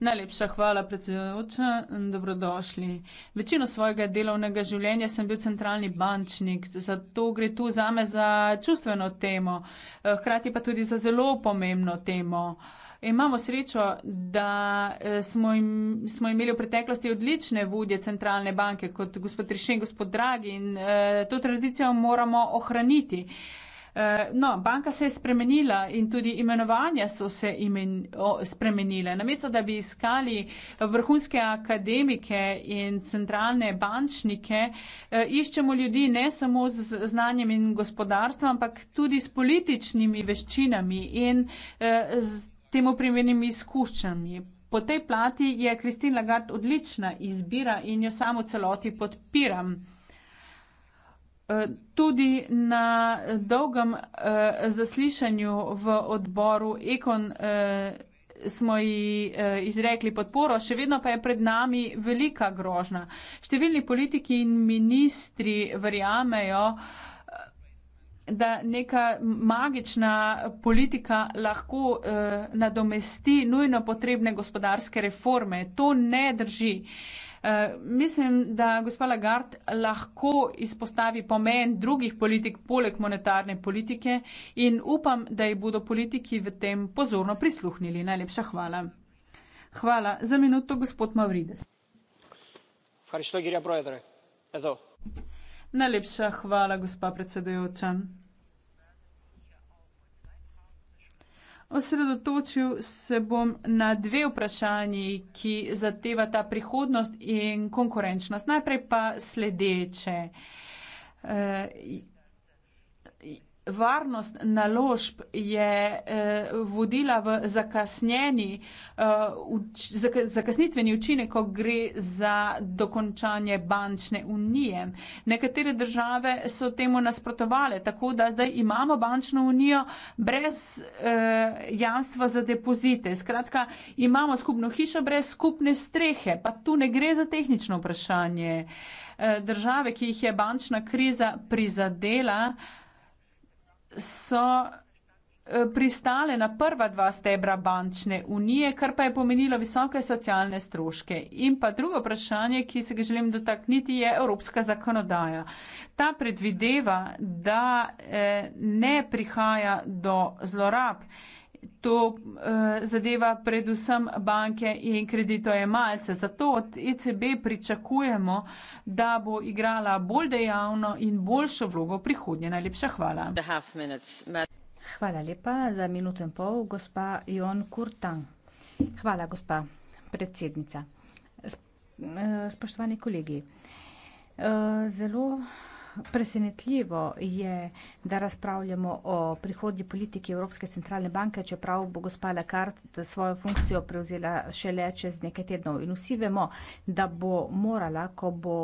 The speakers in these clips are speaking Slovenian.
Najlepša hvala, predsedujoča, in dobrodošli. Večino svojega delovnega življenja sem bil centralni bančnik, zato gre tu za me za čustveno temo, eh, hkrati pa tudi za zelo pomembno temo. Imamo srečo, da eh, smo, im, smo imeli v preteklosti odlične vodje centralne banke, kot gospod Rišen, gospod Dragi, in eh, to tradicijo moramo ohraniti. Eh, no, banka se je spremenila in tudi imenovanja so se imen, o, spremenile. Namesto, da bi iskali vrhunske akademike in centralne bančnike, eh, iščemo ljudi ne samo z znanjem in gospodarstvom, ampak tudi s političnimi veščinami in eh, z temu primernimi izkušnjami. Po tej plati je Kristin Lagarde odlična izbira in jo samo celoti podpiram. Eh, tudi na dolgem eh, zaslišanju v odboru Ekon eh, smo ji izrekli podporo, še vedno pa je pred nami velika grožna. Številni politiki in ministri verjamejo, da neka magična politika lahko nadomesti nujno potrebne gospodarske reforme. To ne drži. Eh, mislim, da gospa Lagarde lahko izpostavi pomen drugih politik poleg monetarne politike in upam, da ji bodo politiki v tem pozorno prisluhnili. Najlepša hvala. Hvala za minuto, gospod Mavrides. Najlepša hvala, gospa predsedujoča. Osredotočil se bom na dve vprašanji, ki zatevata prihodnost in konkurenčnost. Najprej pa sledeče. Eh, varnost naložb je eh, vodila v zakasnjeni, eh, uč, zak, zakasnitveni učinek, ko gre za dokončanje bančne unije. Nekatere države so temu nasprotovale, tako da zdaj imamo bančno unijo brez eh, jamstva za depozite. Skratka, imamo skupno hišo brez skupne strehe, pa tu ne gre za tehnično vprašanje. Eh, države, ki jih je bančna kriza prizadela, so eh, pristale na prva dva stebra bančne unije, kar pa je pomenilo visoke socialne stroške. In pa drugo vprašanje, ki se ga želim dotakniti, je evropska zakonodaja. Ta predvideva, da eh, ne prihaja do zlorab to eh, zadeva predvsem banke in kreditojemalce. Zato od ECB pričakujemo, da bo igrala bolj dejavno in boljšo vlogo prihodnje. Najlepša hvala. Hvala lepa za minuto in pol, gospa Jon Kurtan. Hvala, gospa predsednica. Eh, spoštovani kolegi, eh, zelo presenetljivo je, da razpravljamo o prihodnji politiki Evropske centralne banke, čeprav bo gospa Lagarde svojo funkcijo prevzela šele čez nekaj tednov. In vsi vemo, da bo morala, ko bo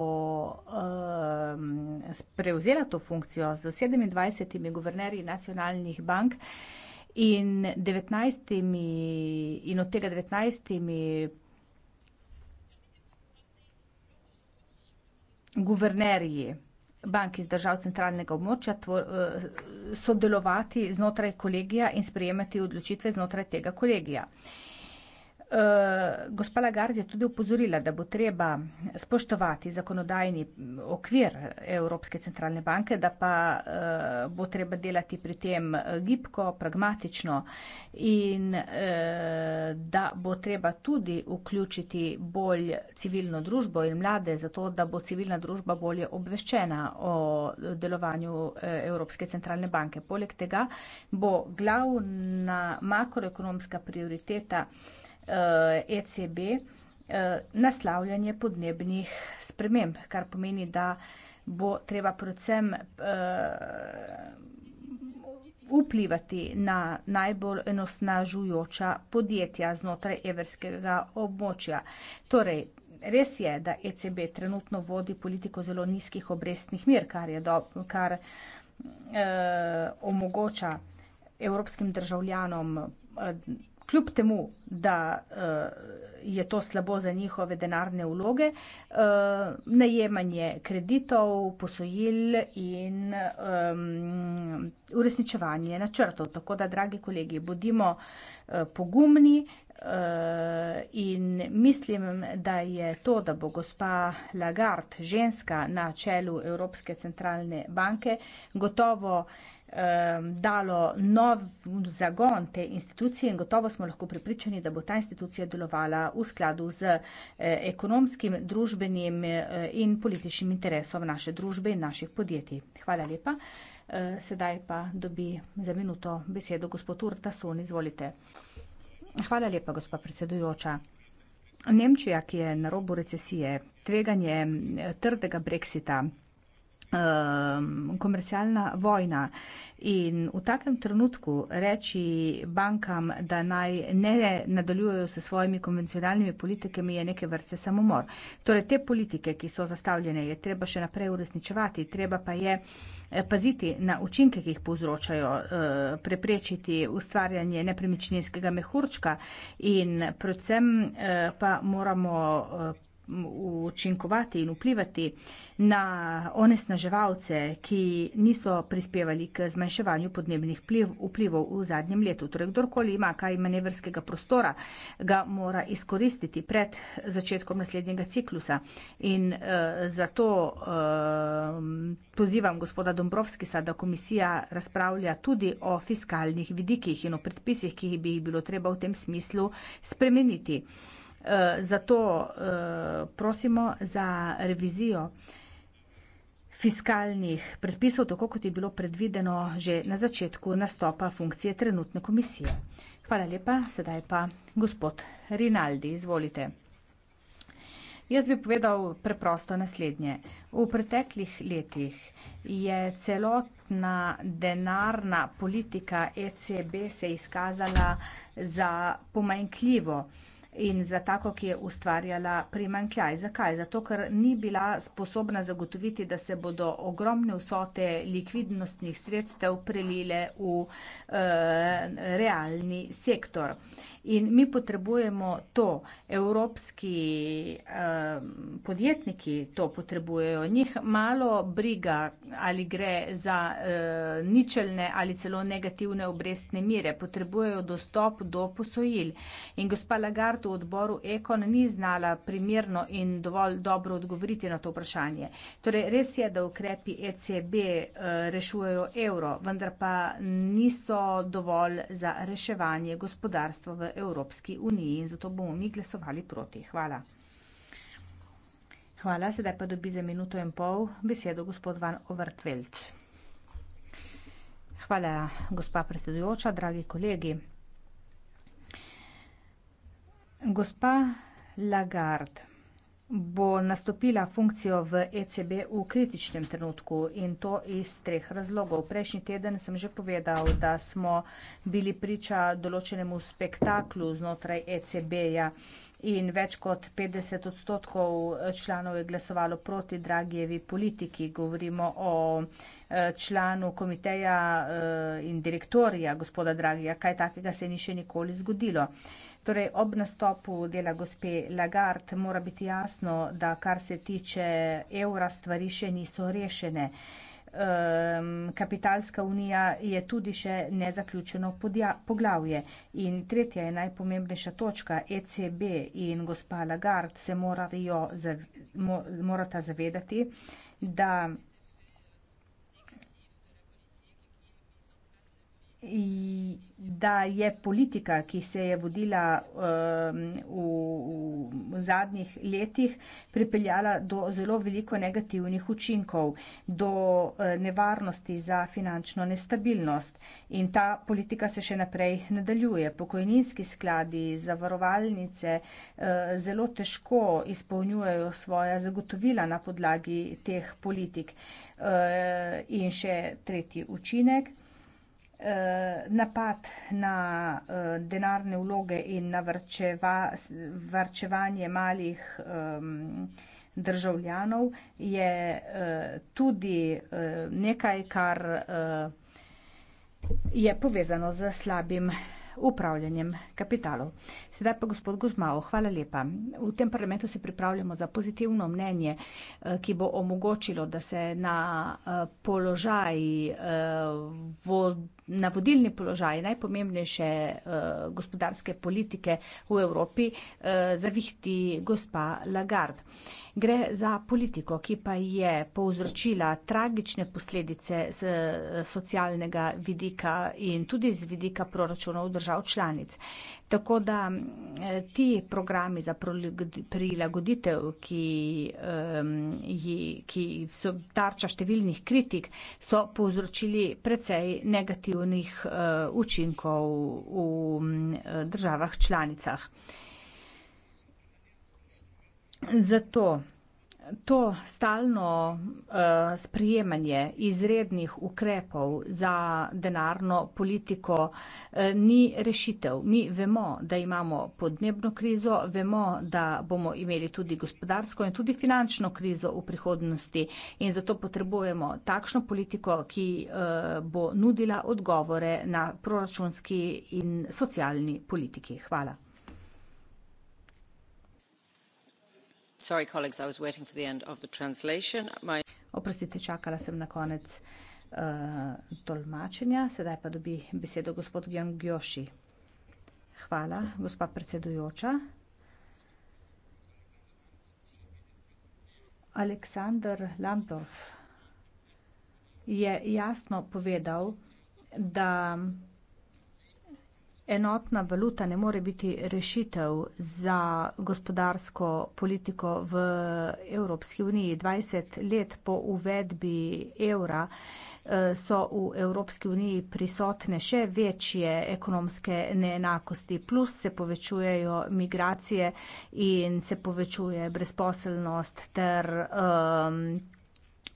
um, prevzela to funkcijo z 27 guvernerji nacionalnih bank, In, 19. in od tega 19. guvernerji bank iz držav centralnega območja tvor, eh, sodelovati znotraj kolegija in sprejemati odločitve znotraj tega kolegija. Eh, gospa Lagarde je tudi upozorila, da bo treba spoštovati zakonodajni okvir Evropske centralne banke, da pa eh, bo treba delati pri tem gibko, pragmatično in eh, da bo treba tudi vključiti bolj civilno družbo in mlade, zato da bo civilna družba bolje obveščena o delovanju Evropske centralne banke. Poleg tega bo glavna makroekonomska prioriteta uh, eh, ECB uh, eh, naslavljanje podnebnih sprememb, kar pomeni, da bo treba predvsem uh, vplivati na najbolj enosnažujoča podjetja znotraj evrskega območja. Torej, res je, da ECB trenutno vodi politiko zelo nizkih obrestnih mir, kar, do, kar uh, omogoča evropskim državljanom uh, kljub temu, da uh, je to slabo za njihove denarne vloge, uh, najemanje kreditov, posojil in um, uresničevanje načrtov. Tako da, dragi kolegi, bodimo uh, pogumni. Uh, in mislim, da je to, da bo gospa Lagarde ženska na čelu Evropske centralne banke, gotovo uh, Ehm, dalo nov zagon te institucije in gotovo smo lahko pripričani, da bo ta institucija delovala v skladu z eh, ekonomskim, družbenim eh, in političnim interesom naše družbe in naših podjetij. Hvala lepa. Eh, sedaj pa dobi za minuto besedo gospod Urtasun, izvolite. Hvala lepa, gospa predsedujoča. Nemčija, ki je na robu recesije, tveganje trdega brexita, um, komercialna vojna. In v takem trenutku reči bankam, da naj ne nadaljujejo se svojimi konvencionalnimi politikami, je neke vrste samomor. Torej, te politike, ki so zastavljene, je treba še naprej uresničevati, treba pa je eh, paziti na učinke, ki jih povzročajo, eh, preprečiti ustvarjanje nepremičninskega mehurčka in predvsem eh, pa moramo učinkovati in vplivati na onesnaževalce, ki niso prispevali k zmanjševanju podnebnih vplivov v zadnjem letu. Torej, kdorkoli ima kaj manevrskega prostora, ga mora izkoristiti pred začetkom naslednjega ciklusa. In eh, zato eh, pozivam gospoda Dombrovskisa, da komisija razpravlja tudi o fiskalnih vidikih in o predpisih, ki bi jih bilo treba v tem smislu spremeniti. Eh, zato eh, prosimo za revizijo fiskalnih predpisov, tako kot je bilo predvideno že na začetku nastopa funkcije trenutne komisije. Hvala lepa, sedaj pa gospod Rinaldi, izvolite. Jaz bi povedal preprosto naslednje. V preteklih letih je celotna denarna politika ECB se izkazala za pomanjkljivo in za tako, ki je ustvarjala primankljaj. Zakaj? Zato, ker ni bila sposobna zagotoviti, da se bodo ogromne vsote likvidnostnih sredstev prelile v e, realni sektor. In mi potrebujemo to. Evropski e, podjetniki to potrebujejo. Njih malo briga, ali gre za e, ničelne ali celo negativne obrestne mire. Potrebujejo dostop do posojil. In gospa Lagarde, takratu odboru Ekon ni znala primerno in dovolj dobro odgovoriti na to vprašanje. Torej, res je, da ukrepi ECB eh, rešujejo evro, vendar pa niso dovolj za reševanje gospodarstva v Evropski uniji in zato bomo mi glasovali proti. Hvala. Hvala, sedaj pa dobi za minuto in pol besedo gospod Van Overtveld. Hvala, gospa predsedujoča, dragi kolegi. Gospa Lagarde bo nastopila funkcijo v ECB v kritičnem trenutku in to iz treh razlogov. Prejšnji teden sem že povedal, da smo bili priča določenemu spektaklu znotraj ECB-ja in več kot 50 odstotkov članov je glasovalo proti Dragijevi politiki. Govorimo o e, članu komiteja e, in direktorija gospoda Dragija. Kaj takega se ni še nikoli zgodilo. Torej, ob nastopu dela gospe Lagarde mora biti jasno, da kar se tiče evra, stvari še niso rešene. Ehm, kapitalska unija je tudi še nezaključeno poglavje. In tretja je najpomembnejša točka, ECB in gospa Lagarde se morajo, morata zavedati, da da je politika, ki se je vodila um, v zadnjih letih, pripeljala do zelo veliko negativnih učinkov, do eh, nevarnosti za finančno nestabilnost. In ta politika se še naprej nadaljuje. Pokojninski skladi, zavarovalnice eh, zelo težko izpolnjujejo svoja zagotovila na podlagi teh politik. Eh, in še tretji učinek. Eh, napad na eh, denarne vloge in na vrčeva, vrčevanje malih državljanov je eh, tudi nekaj, kar je povezano z slabim upravljanjem kapitalov. Sedaj pa gospod Gužmao, hvala lepa. V tem parlamentu se pripravljamo za pozitivno mnenje, eh, ki bo omogočilo, da se na eh, položaj, eh, na vodilni položaj najpomembnejše gospodarske politike v Evropi zavihti gospa Lagarde gre za politiko, ki pa je povzročila tragične posledice z eh, socialnega vidika in tudi z vidika proračunov držav članic. Tako da eh, ti programi za prilagoditev, ki, ki so tarča številnih kritik, so povzročili precej negativnih eh, učinkov v državah članicah. Zato to stalno uh, sprejemanje izrednih ukrepov za denarno politiko uh, ni rešitev. Mi vemo, da imamo podnebno krizo, vemo, da bomo imeli tudi gospodarsko in tudi finančno krizo v prihodnosti in zato potrebujemo takšno politiko, ki uh, bo nudila odgovore na proračunski in socialni politiki. Hvala. Oprostite, čakala sem na konec, eh, tolmačenja, sedaj pa dobi besedo gospod Kjangjoši. Hvala, gospa predsedujoča. Aleksander Lambrov je jasno povedal, da enotna valuta ne more biti rešitev za gospodarsko politiko v Evropski uniji. 20 let po uvedbi evra eh, so v Evropski uniji prisotne še večje ekonomske neenakosti, plus se povečujejo migracije in se povečuje brezposelnost ter um,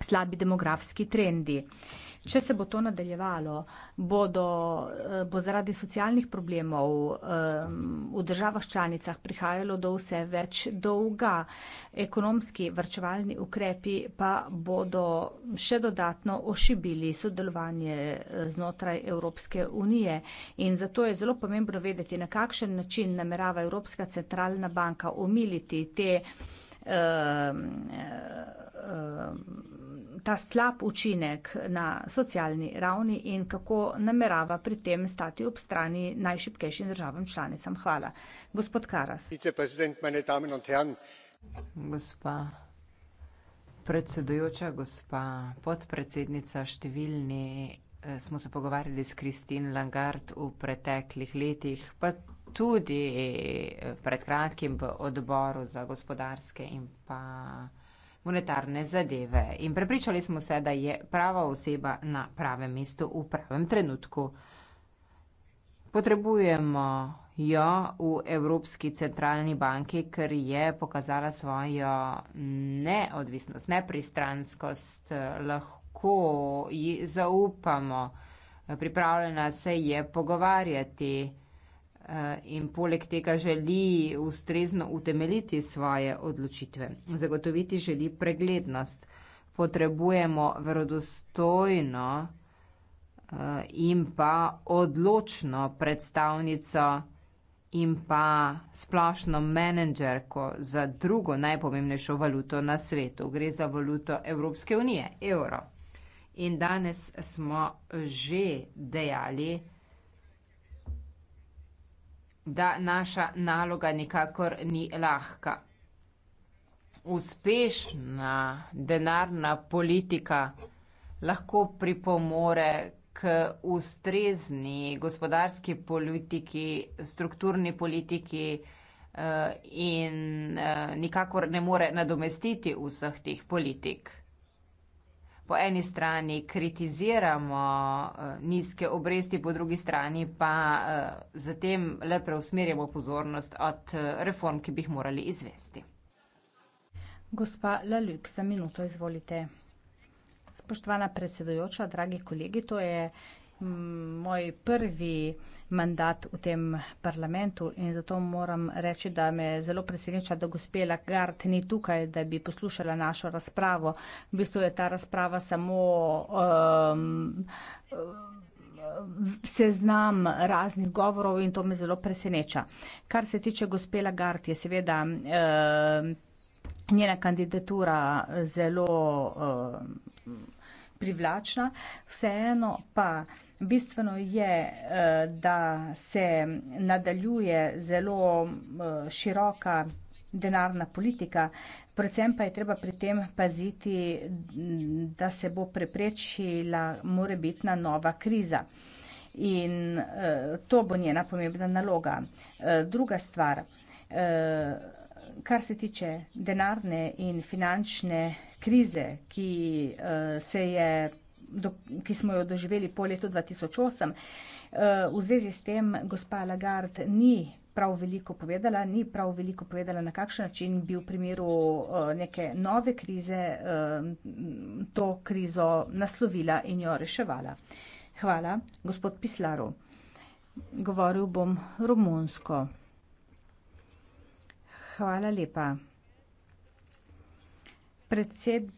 slabi demografski trendi. Če se bo to nadaljevalo, bodo, eh, bo zaradi socialnih problemov um, v državah članicah prihajalo do vse več dolga. Ekonomski vrčevalni ukrepi pa bodo še dodatno ošibili sodelovanje eh, znotraj Evropske unije. In zato je zelo pomembno vedeti, na kakšen način namerava Evropska centralna banka omiliti te. Um, um, ta slab učinek na socialni ravni in kako namerava pri tem stati ob strani najšipkejšim državam članicam. Hvala. Gospod Karas. Gospa predsedujoča, gospa podpredsednica, številni eh, smo se pogovarjali s Kristin Langard v preteklih letih, pa tudi eh, pred kratkim v odboru za gospodarske in pa monetarne zadeve. In prepričali smo se, da je prava oseba na pravem mestu v pravem trenutku. Potrebujemo jo v Evropski centralni banki, ker je pokazala svojo neodvisnost, nepristranskost, lahko ji zaupamo, pripravljena se je pogovarjati. Eh, in poleg tega želi ustrezno utemeliti svoje odločitve. Zagotoviti želi preglednost. Potrebujemo verodostojno eh, in pa odločno predstavnico in pa splošno menedžerko za drugo najpomembnejšo valuto na svetu. Gre za valuto Evropske unije, evro. In danes smo že dejali, da naša naloga nikakor ni lahka. Uspešna denarna politika lahko pripomore k ustrezni gospodarski politiki, strukturni politiki eh, in eh, nikakor ne more nadomestiti vseh teh politik po eni strani kritiziramo eh, nizke obresti, po drugi strani pa eh, zatem le preusmerjamo pozornost od eh, reform, ki bi jih morali izvesti. Gospa Laluk, za minuto izvolite. Spoštovana predsedujoča, dragi kolegi, to je moj prvi mandat v tem parlamentu in zato moram reči, da me zelo preseneča, da gospe Lagarde ni tukaj, da bi poslušala našo razpravo. V bistvu je ta razprava samo um, seznam raznih govorov in to me zelo preseneča. Kar se tiče gospe Lagarde, je seveda um, njena kandidatura zelo um, privlačna, vseeno pa Bistveno je, eh, da se nadaljuje zelo eh, široka denarna politika, predvsem pa je treba pri tem paziti, da se bo preprečila morebitna nova kriza. In eh, to bo njena pomembna naloga. Druga stvar, kar se tiče denarne in finančne krize, ki se je do, ki smo jo doživeli po letu 2008. Eh, v zvezi s tem gospa Lagarde ni prav veliko povedala, ni prav veliko povedala, na kakšen način bi v primeru eh, neke nove krize eh, to krizo naslovila in jo reševala. Hvala, gospod Pislaru. Govoril bom romunsko. Hvala lepa. Predsednik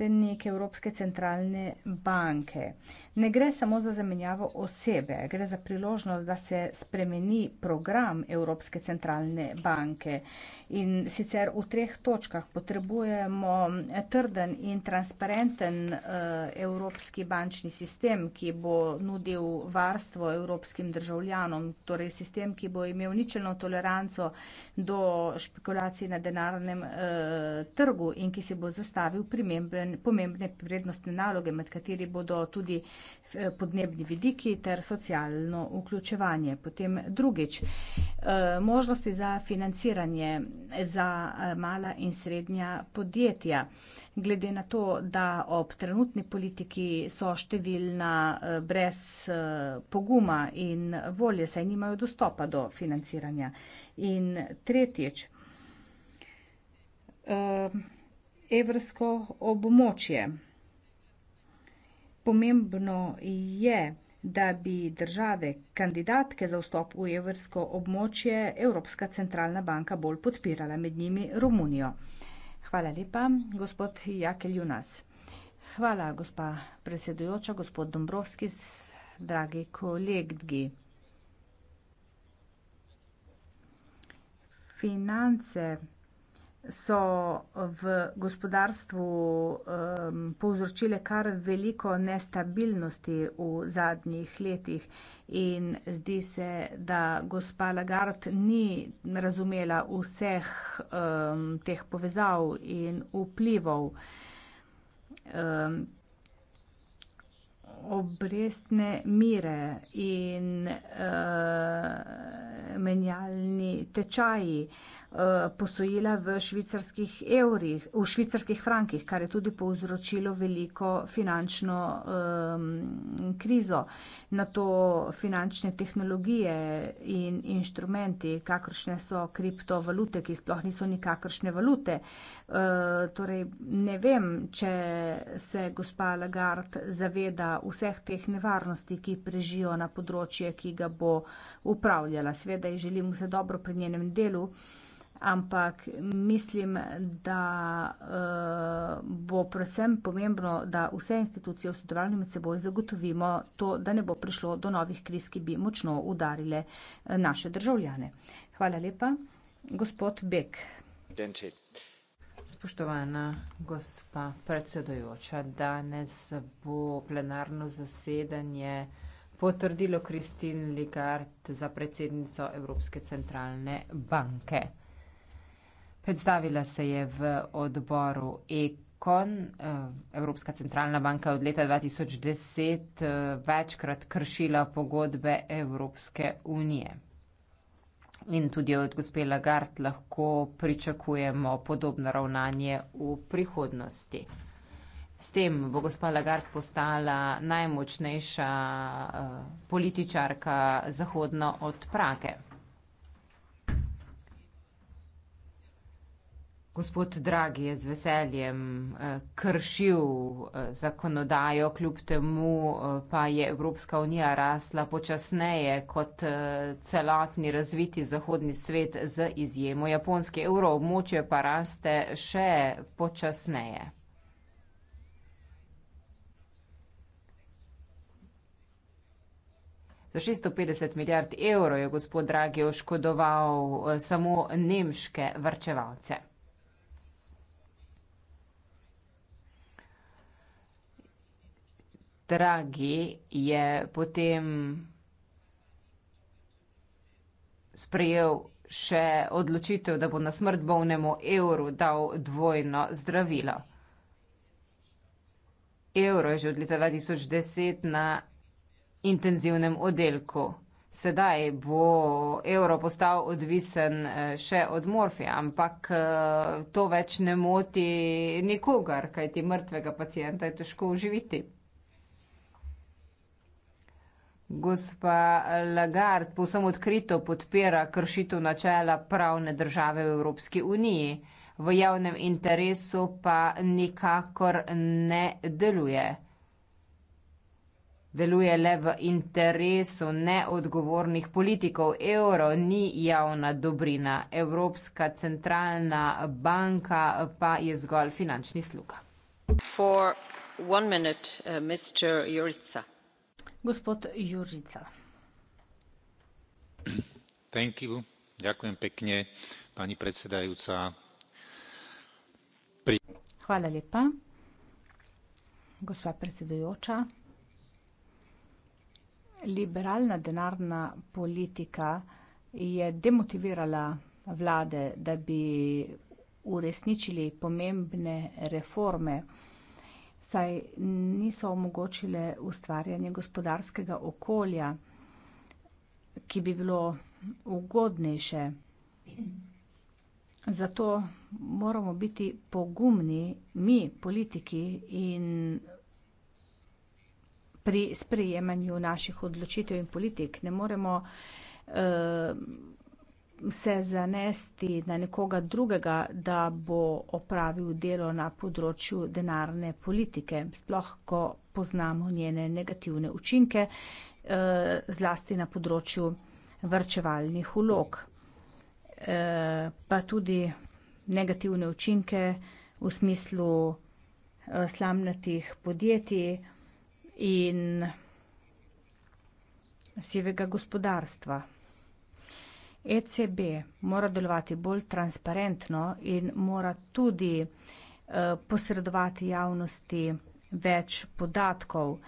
predsednik Evropske centralne banke. Ne gre samo za zamenjavo osebe, gre za priložnost, da se spremeni program Evropske centralne banke. In sicer v treh točkah potrebujemo trden in transparenten eh, evropski bančni sistem, ki bo nudil varstvo evropskim državljanom, torej sistem, ki bo imel ničelno toleranco do špekulacij na denarnem eh, trgu in ki se bo zastavil pomembne prednostne naloge, med kateri bodo tudi Eh, podnebni vidiki ter socialno vključevanje. Potem drugič, eh, možnosti za financiranje za eh, mala in srednja podjetja. Glede na to, da ob trenutni politiki so številna brez poguma in volje, saj nimajo dostopa do financiranja. In tretjič, evrsko območje. Pomembno je, da bi države kandidatke za vstop v evrsko območje Evropska centralna banka bolj podpirala, med njimi Romunijo. Hvala lepa, gospod Jakel Junas. Hvala, gospa predsedujoča, gospod Dombrovski, dragi kolegi. Finance so v gospodarstvu um, povzročile kar veliko nestabilnosti v zadnjih letih in zdi se, da gospa Lagarde ni razumela vseh um, teh povezav in vplivov. Um, obrestne mire in uh, menjalni tečaji. Uh, Eh, posojila v švicarskih evrih, v švicarskih frankih, kar je tudi povzročilo veliko finančno um, krizo. Na to finančne tehnologije in inštrumenti, kakršne so kriptovalute, ki sploh niso nikakršne valute. Uh, torej, ne vem, če se gospa Lagarde zaveda vseh teh nevarnosti, ki prežijo na področje, ki ga bo upravljala. Sveda ji želim vse dobro pri njenem delu ampak mislim, da eh, bo predvsem pomembno, da vse institucije v sodelovanju med seboj zagotovimo to, da ne bo prišlo do novih kriz, ki bi močno udarile eh, naše državljane. Hvala lepa. Gospod Bek. Denči. Spoštovana gospa predsedojoča, danes bo plenarno zasedanje potrdilo Kristin Ligard za predsednico Evropske centralne banke. Predstavila se je v odboru Ekon. Eh, Evropska centralna banka je od leta 2010 eh, večkrat kršila pogodbe Evropske unije. In tudi od gospe Lagarde lahko pričakujemo podobno ravnanje v prihodnosti. S tem bo gospa Lagarde postala najmočnejša uh, političarka zahodno od Prage. gospod Dragi je z veseljem eh, kršil eh, zakonodajo, kljub temu eh, pa je Evropska unija rasla počasneje kot celotni razviti zahodni svet z izjemo japonske evroobmočje pa raste še počasneje. Za 650 milijard evrov je gospod Dragi oškodoval samo nemške vrčevalce. dragi, je potem sprejel še odločitev, da bo na smrt bolnemu evru dal dvojno zdravilo. Evro je že od leta 2010 na intenzivnem oddelku. Sedaj bo evro postal odvisen eh, še od morfija, ampak eh, to več ne moti nikogar, kajti mrtvega pacijenta je težko uživiti. Gospa Lagarde posem odkrito podpira kršitev načela pravne države v Evropski uniji, v javnem interesu pa nikakor ne deluje. Deluje le v interesu neodgovornih politikov. Euro ni javna dobrina, Evropska centralna banka pa je zgolj finančni sluga. For one minute, uh, Mr. Jurica ďakujem pekne pani predsedajúca pri liberálna denárna politika je demotivirala vlade da bi uresničili pomembne reforme saj niso omogočile ustvarjanje gospodarskega okolja, ki bi bilo ugodnejše. Zato moramo biti pogumni, mi, politiki, in pri sprejemanju naših odločitev in politik ne moremo uh, se zanesti na nekoga drugega, da bo opravil delo na področju denarne politike, sploh ko poznamo njene negativne učinke, eh, zlasti na področju vrčevalnih ulog, eh, pa tudi negativne učinke v smislu eh, slamnatih podjetij in sivega gospodarstva. ECB mora delovati bolj transparentno in mora tudi eh, posredovati javnosti več podatkov.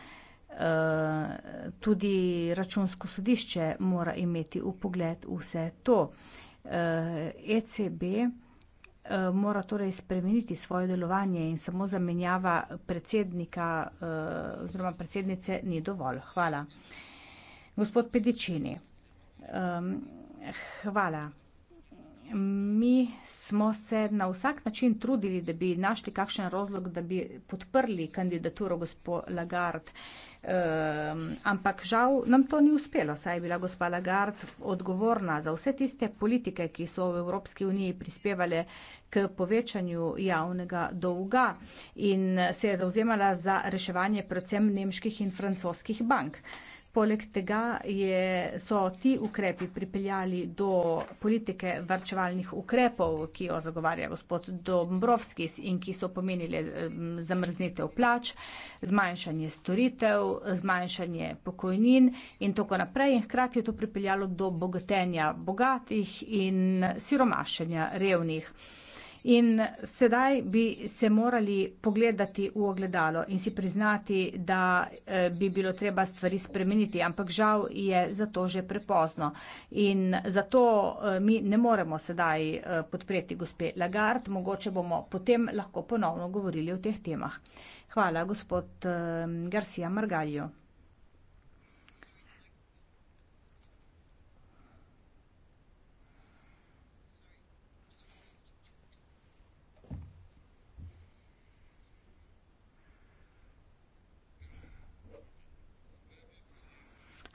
Eh, tudi računsko sodišče mora imeti v pogled vse to. Eh, ECB eh, mora torej spremeniti svoje delovanje in samo zamenjava predsednika eh, oziroma predsednice ni dovolj. Hvala. Gospod Pedičini. Eh, Hvala. Mi smo se na vsak način trudili, da bi našli kakšen razlog, da bi podprli kandidaturo gospod Lagarde. Um, ampak žal nam to ni uspelo, saj je bila gospa Lagarde odgovorna za vse tiste politike, ki so v Evropski uniji prispevale k povečanju javnega dolga in se je zauzemala za reševanje predvsem nemških in francoskih bank. Uh, Poleg tega je, so ti ukrepi pripeljali do politike varčevalnih ukrepov, ki jo zagovarja gospod Dombrovski in ki so pomenili zamrznitev plač, zmanjšanje storitev, zmanjšanje pokojnin in tako naprej. In hkrati je to pripeljalo do bogatenja bogatih in siromašenja revnih. In sedaj bi se morali pogledati v ogledalo in si priznati, da eh, bi bilo treba stvari spremeniti, ampak žal je za to že prepozno. In zato eh, mi ne moremo sedaj eh, podpreti gospe Lagarde, mogoče bomo potem lahko ponovno govorili o teh temah. Hvala, gospod Garcia Margaljo.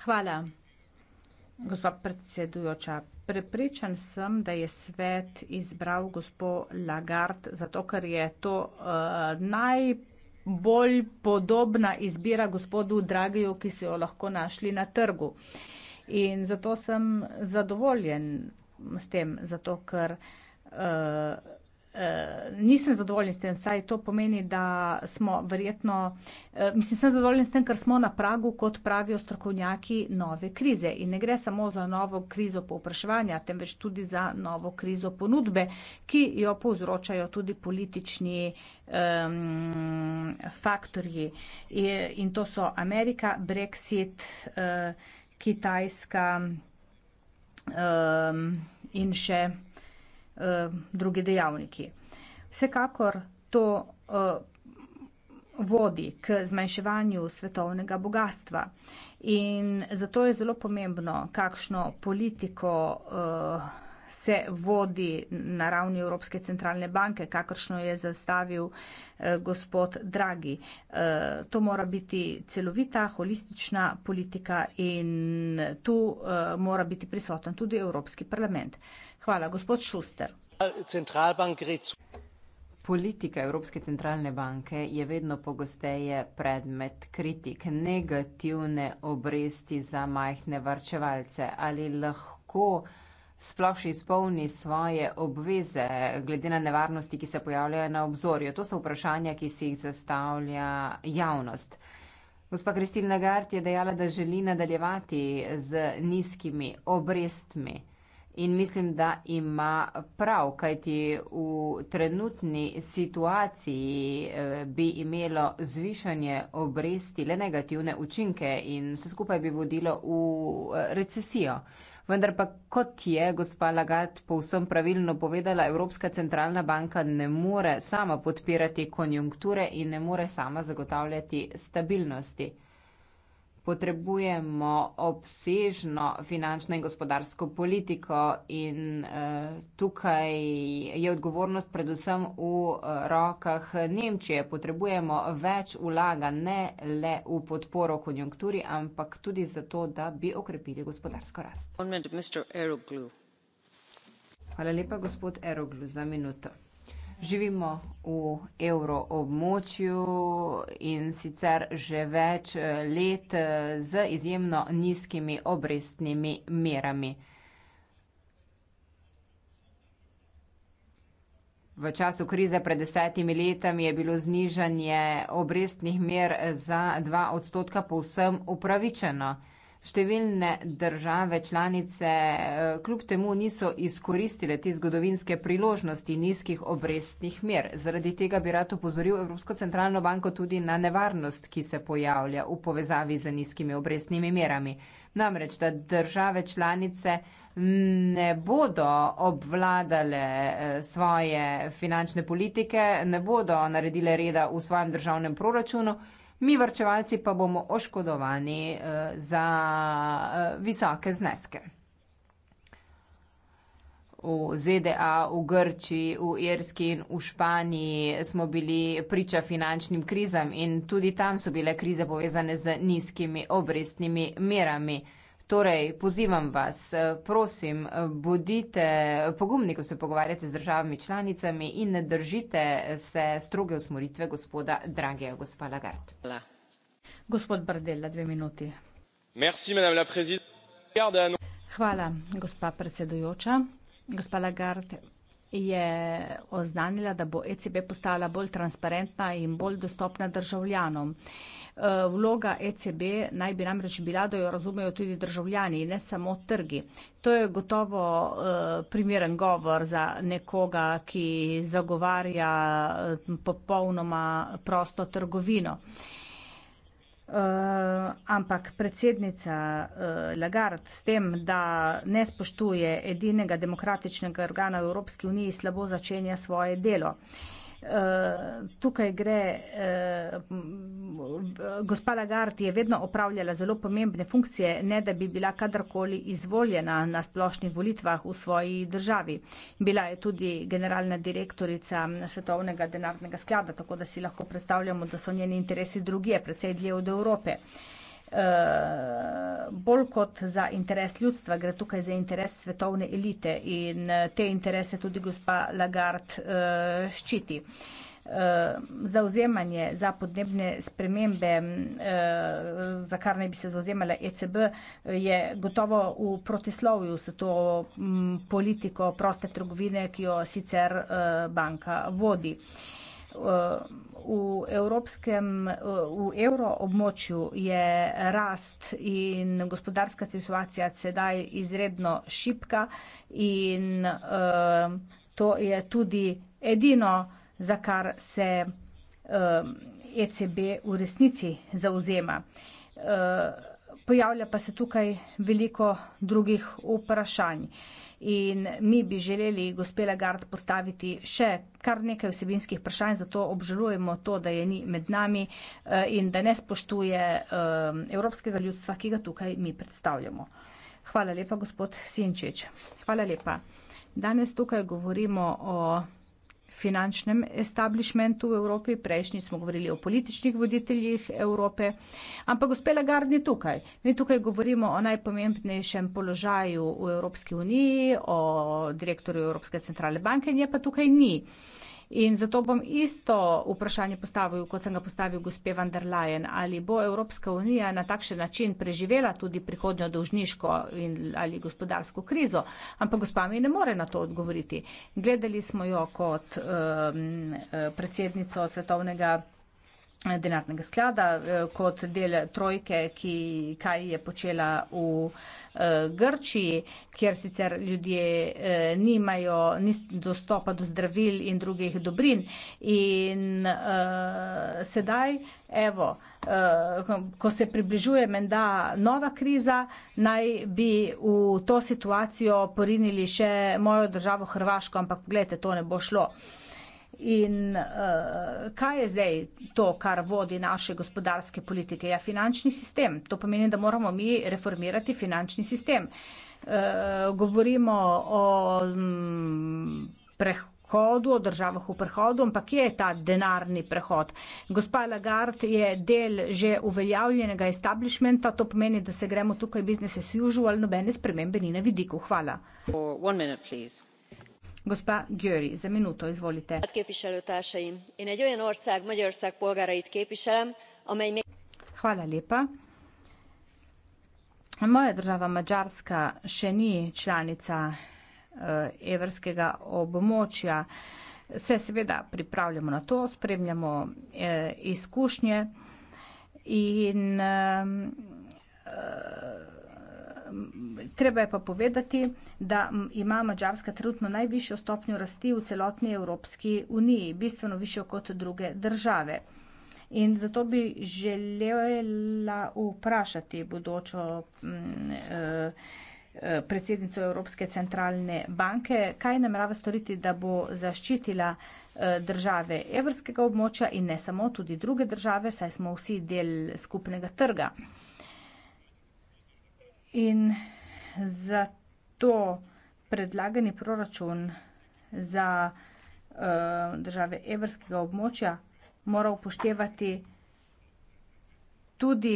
Hvala. Gospa predsedujoča, prepričan sem, da je svet izbral gospo Lagarde, zato ker je to uh, najbolj podobna izbira gospodu Dragiju, ki so jo lahko našli na trgu. In zato sem zadovoljen s tem, zato ker uh, Eh, nisem zadovoljen s tem, saj to pomeni, da smo verjetno, uh, mislim, sem zadovoljen s tem, ker smo na pragu, kot pravijo strokovnjaki, nove krize. In ne gre samo za novo krizo povpraševanja, temveč tudi za novo krizo ponudbe, ki jo povzročajo tudi politični um, faktorji. In to so Amerika, Brexit, uh, Kitajska um, in še. Eh, drugi dejavniki. Vsekakor to eh, vodi k zmanjševanju svetovnega bogatstva in zato je zelo pomembno, kakšno politiko eh, se vodi na ravni Evropske centralne banke, kakršno je zastavil gospod Dragi. To mora biti celovita, holistična politika in tu mora biti prisoten tudi Evropski parlament. Hvala, gospod Šuster. Politika Evropske centralne banke je vedno pogosteje predmet kritik. Negativne obresti za majhne varčevalce ali lahko sploh še izpolni svoje obveze glede na nevarnosti, ki se pojavljajo na obzorju. To so vprašanja, ki si jih zastavlja javnost. Gospa Kristina Gart je dejala, da želi nadaljevati z nizkimi obrestmi. In mislim, da ima prav, kajti v trenutni situaciji eh, bi imelo zvišanje obresti le negativne učinke in vse skupaj bi vodilo v eh, recesijo. Vendar pa, kot je gospa Lagat povsem pravilno povedala, Evropska centralna banka ne more sama podpirati konjunkture in ne more sama zagotavljati stabilnosti potrebujemo obsežno finančno in gospodarsko politiko in eh, tukaj je odgovornost predvsem v eh, rokah Nemčije. Potrebujemo več vlaga ne le v podporo konjunkturi, ampak tudi zato, da bi okrepili gospodarsko rast. Hvala lepa, gospod Eroglu, za minuto živimo v evroobmočju in sicer že več eh, let eh, z izjemno nizkimi obrestnimi merami. V času krize pred desetimi letami je bilo znižanje obrestnih mer za dva odstotka povsem upravičeno. Številne države članice eh, kljub temu niso izkoristile te zgodovinske priložnosti nizkih obrestnih mer. Zaradi tega bi rad opozoril Evropsko centralno banko tudi na nevarnost, ki se pojavlja v povezavi z nizkimi obrestnimi merami. Namreč, da države članice ne bodo obvladale eh, svoje finančne politike, ne bodo naredile reda v svojem državnem proračunu, mi vrčevalci pa bomo oškodovani eh, za eh, visoke zneske. V ZDA, v Grčiji, v Irski in v Španiji smo bili priča finančnim krizam in tudi tam so bile krize povezane z nizkimi obrestnimi merami. Torej, pozivam vas, prosim, bodite pogumni, ko se pogovarjate z državami članicami in ne držite se stroge usmoritve gospoda Dragija, gospa Lagarde. Hvala. Gospod Bardella, dve minuti. Merci, madame la présidente. Hvala, gospa predsedujoča. Gospa Lagarde, je oznanila, da bo ECB postala bolj transparentna in bolj dostopna državljanom. Eh, vloga ECB naj bi namreč bila, da jo razumejo tudi državljani in ne samo trgi. To je gotovo eh, primeren govor za nekoga, ki zagovarja eh, popolnoma prosto trgovino. Eh, ampak predsednica uh, Lagarde s tem, da ne spoštuje edinega demokratičnega organa v Evropski uniji, slabo začenja svoje delo. Uh, Eh, tukaj gre, uh, eh, gospoda Gardi je vedno opravljala zelo pomembne funkcije, ne da bi bila kadarkoli izvoljena na splošnih volitvah v svoji državi. Bila je tudi generalna direktorica Svetovnega denarnega sklada, tako da si lahko predstavljamo, da so njeni interesi drugje, predvsej dlje od Evrope. Uh, Eh, bolj kot za interes ljudstva, gre tukaj za interes svetovne elite in eh, te interese tudi gospa Lagarde eh, ščiti. Zauzemanje za podnebne spremembe, za kar naj bi se zauzemala ECB, je gotovo v protislovju s to mm, politiko proste trgovine, ki jo sicer banka vodi. Eh, v evropskem, eh, v evroobmočju je rast in gospodarska situacija sedaj izredno šipka in eh, to je tudi edino, za kar se ECB e v resnici zauzema. Pojavlja pa se tukaj veliko drugih vprašanj in mi bi želeli gospe Lagarde postaviti še kar nekaj vsebinskih vprašanj, zato obžalujemo to, da je ni med nami eh, in da ne spoštuje eh, evropskega ljudstva, ki ga tukaj mi predstavljamo. Hvala lepa, gospod Sinčič. Hvala lepa. Danes tukaj govorimo o finančnem establishmentu v Evropi, prejšnji smo govorili o političnih voditeljih Evrope, ampak gospe Lagarde ni tukaj. Mi tukaj govorimo o najpomembnejšem položaju v Evropski uniji, o direktorju Evropske centralne banke, nje pa tukaj ni. Uh, In zato bom isto vprašanje postavil, kot sem ga postavil gospe van der Leyen. Ali bo Evropska unija na takšen način preživela tudi prihodnjo dolžniško in, ali gospodarsko krizo? Ampak gospa mi ne more na to odgovoriti. Gledali smo jo kot um, eh, predsednico svetovnega denarnega sklada eh, kot del trojke, ki kaj je počela v eh, Grčiji, kjer sicer ljudje eh, nimajo dostopa do zdravil in drugih dobrin. In sedaj, evo, ko se približuje menda nova kriza, naj bi v to situacijo porinili še mojo državo Hrvaško, ampak gledajte, to ne bo šlo. In uh, kaj je zdaj to, kar vodi naše gospodarske politike? Ja, finančni sistem. To pomeni, da moramo mi reformirati finančni sistem. Uh, govorimo o um, prehodu o državah v prehodu, ampak kje je ta denarni prehod? Gospa Lagarde je del že uveljavljenega establishmenta, to pomeni, da se gremo tukaj business as usual, nobene spremembe ni na vidiku. Hvala. Minute, Gospa György, za minuto, izvolite. Képviselőtársaim, én egy olyan ország Magyarország polgárait képviselem, amely még... Hvala lepa. Moja država Mačarska še ni članica uh, evrskega območja. Se seveda pripravljamo na to, spremljamo uh, izkušnje in uh, uh, treba je pa povedati, da ima Mačarska trenutno najvišjo stopnjo rasti v celotni Evropski uniji, bistveno višjo kot druge države. In zato bi želela vprašati bodočo e, e, predsednico Evropske centralne banke, kaj namerava storiti, da bo zaščitila e, države evropskega območja in ne samo tudi druge države, saj smo vsi del skupnega trga. In zato predlagani proračun za eh, države evrskega območja mora upoštevati tudi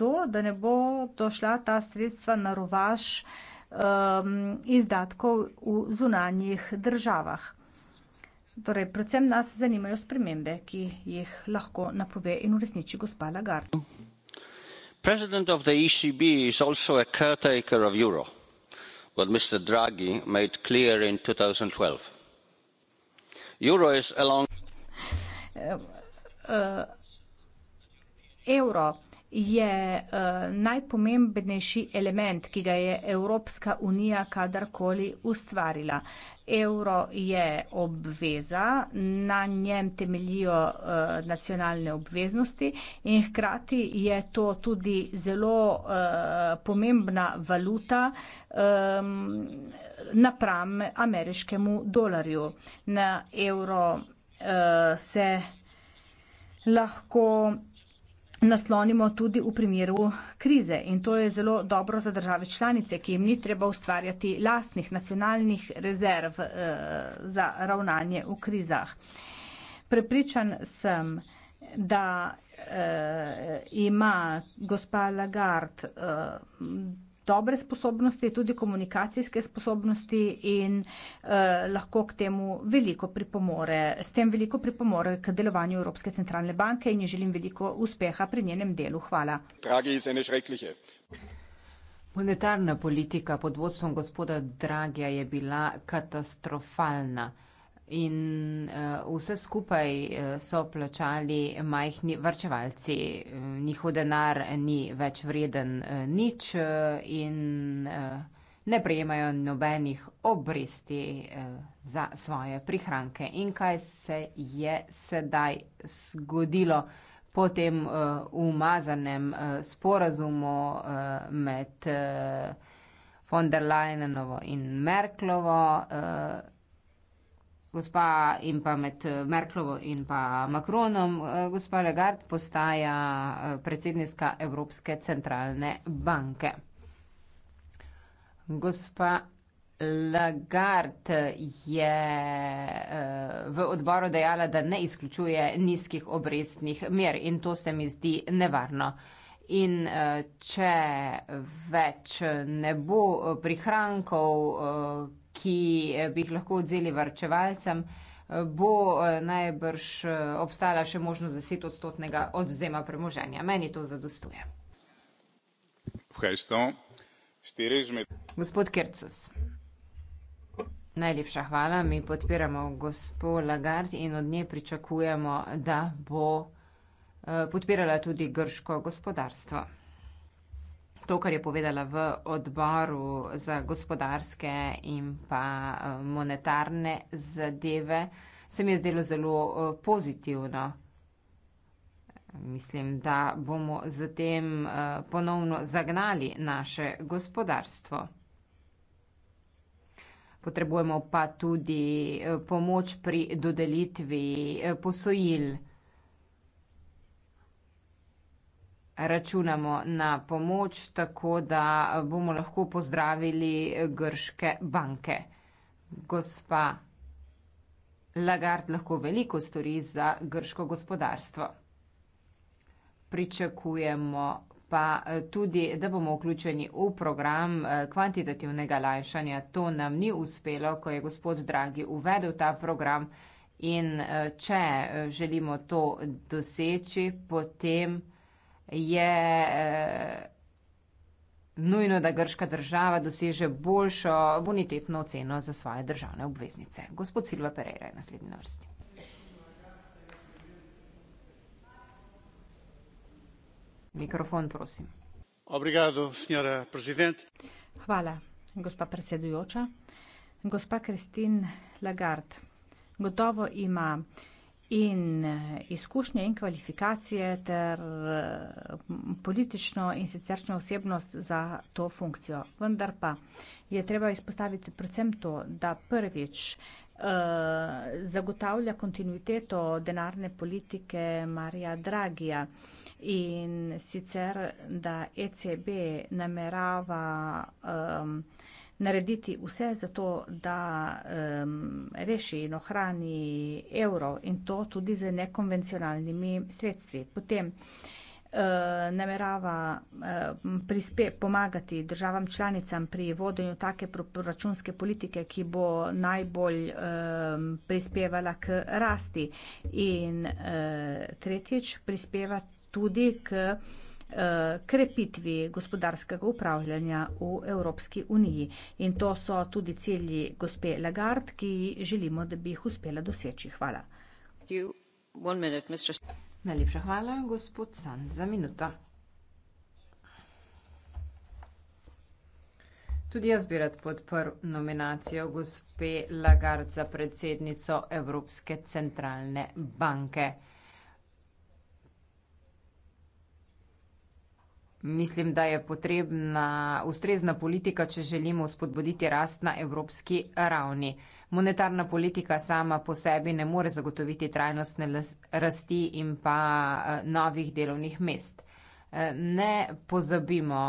to, da ne bo došla ta sredstva na rovaž um, ehm, izdatkov v zunanjih državah. Torej, predvsem nas zanimajo spremembe, ki jih lahko napove in uresniči gospa Lagarde president of the ecb is also a caretaker of the euro what mr draghi made clear in. two thousand and twelve euro je uh, najpomembnejši element, ki ga je Evropska unija kadarkoli ustvarila. Evro je obveza, na njem temeljijo uh, nacionalne obveznosti in hkrati je to tudi zelo uh, pomembna valuta um, napram ameriškemu dolarju. Na evro uh, se lahko uh, naslonimo tudi v primeru krize in to je zelo dobro za države članice, ki jim ni treba ustvarjati lastnih nacionalnih rezerv eh, za ravnanje v krizah. Prepričan sem, da eh, ima gospa Lagarde eh, dobre sposobnosti, tudi komunikacijske sposobnosti in eh, lahko k temu veliko pripomore. S tem veliko pripomore k delovanju Evropske centralne banke in ji želim veliko uspeha pri njenem delu. Hvala. Monetarna politika pod vodstvom gospoda Dragija je bila katastrofalna. In uh, vse skupaj eh, so plačali majhni vrčevalci. Eh, njihov denar ni več vreden uh, nič uh, in uh, ne prejemajo nobenih obresti uh, za svoje prihranke. In kaj se je sedaj zgodilo po tem uh, umazanem uh, sporazumu uh, med uh, von der Leyenovo in Merklovo? Uh, gospa in pa med eh, Merklovo in pa Makronom, eh, gospa Lagarde postaja eh, predsednica Evropske centralne banke. Gospa Lagarde je v odboru dejala, da ne izključuje nizkih obrestnih mer in to se mi zdi nevarno. In če več ne bo prihrankov, ki eh, bi jih lahko odzeli varčevalcem, eh, bo eh, najbrž obstala še možnost deset odstotnega odvzema premoženja. Meni to zadostuje. Gospod Kercus. Najlepša hvala. Mi podpiramo gospod Lagard in od nje pričakujemo, da bo podpirala tudi grško gospodarstvo to, kar je povedala v odboru za gospodarske in pa eh, monetarne zadeve, se mi je zdelo zelo eh, pozitivno. Mislim, da bomo z tem eh, ponovno zagnali naše gospodarstvo. Potrebujemo pa tudi pomoč pri dodelitvi posojil. računamo na pomoč, tako da bomo lahko pozdravili grške banke. Gospa Lagarde lahko veliko stori za grško gospodarstvo. Pričakujemo pa eh, tudi, da bomo vključeni v program eh, kvantitativnega lajšanja. To nam ni uspelo, ko je gospod Dragi uvedel ta program in eh, če želimo to doseči, potem je eh, nujno, da grška država doseže boljšo bonitetno oceno za svoje državne obveznice. Gospod Silva Pereira je naslednji na vrsti. Mikrofon, prosim. Obrigado, signora president. Hvala, gospa predsedujoča. Gospa Kristin Lagarde, gotovo ima in eh, izkušnje in kvalifikacije ter eh, politično in siceršno osebnost za to funkcijo. Vendar pa je treba izpostaviti predvsem to, da prvič eh, zagotavlja kontinuiteto denarne politike Marija Dragija in sicer, da ECB namerava vsega, um, narediti vse za to, da um, reši in ohrani evro in to tudi z nekonvencionalnimi sredstvi. Potem uh, namerava uh, prispe, pomagati državam članicam pri vodenju take proračunske politike, ki bo najbolj um, prispevala k rasti in uh, tretjič prispeva tudi k uh, Eh, krepitvi gospodarskega upravljanja v Evropski uniji. In to so tudi cilji gospe Lagarde, ki želimo, da bi jih uspela doseči. Hvala. Minute, Najlepša hvala, gospod San, za minuto. Tudi jaz bi rad podprl nominacijo gospe Lagarde za predsednico Evropske centralne banke. Mislim, da je potrebna ustrezna politika, če želimo spodbuditi rast na evropski ravni. Monetarna politika sama po sebi ne more zagotoviti trajnostne rasti in pa eh, novih delovnih mest. Eh, ne pozabimo,